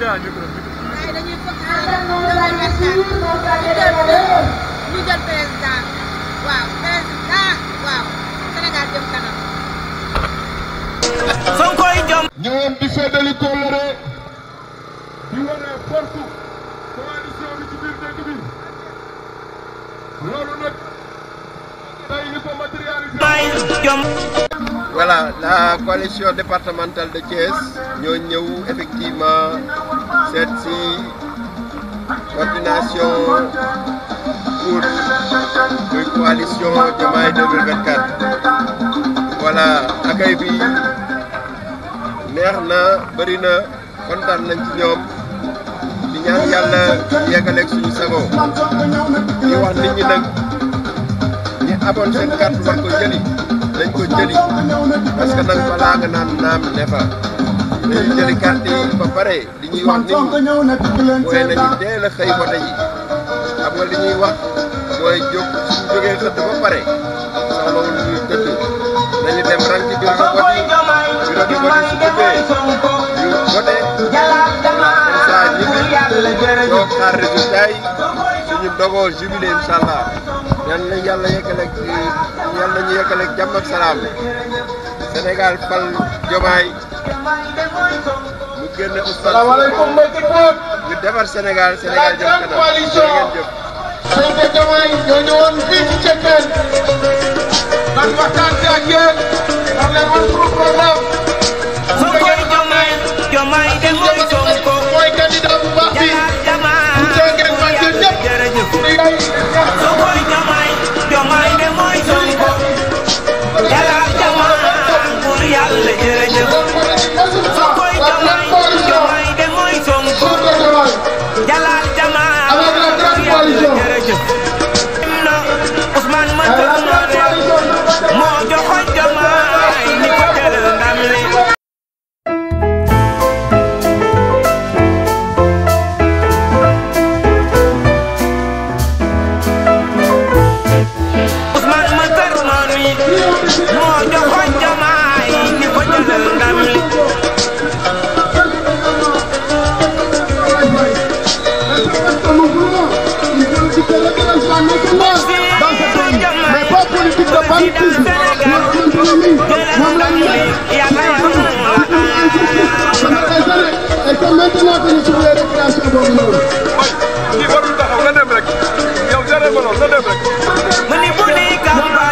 gaa micro waaye dañuy fëgg ñu jël président waaw président waaw Sénégal jëm kanam Sonkoy jom ñoom di feddali kóllëre di wane fortu coalition bi ci biir dëkk bi loolu nag tey ñu ko matérialisé jom Voilà, la coalition départementale de Thiès, nous avons effectivement cette coordination pour une coalition de mai 2024. Voilà, accueil bi neex na bëri kontaan nañ ci ñoom di ñaan yàlla yeggaleeg suñu sago di wax nit ñi aboon seen carte war ko jëli nañ ko jëli parce que naan naam ne fa dañu jëli carte ba pare li ñuy wax nit nañu teel a xëy wote ji xam nga li ñuy wax mooy jóg suñ nañu dem rang ci biir de vote su jubee ñu vote comme ça ñu ngi toog xaar résultat yi dogoo jubilé incha yal na yàlla yeggaleeg yal nañu senegal jàmm ak salaam Sénégal fal Diomaye mu génn oustaz ñu defar Sénégal Sénégal jëm kanam ngeen jëm. Diomaye ñoo ñëwoon maintenant que ñu ci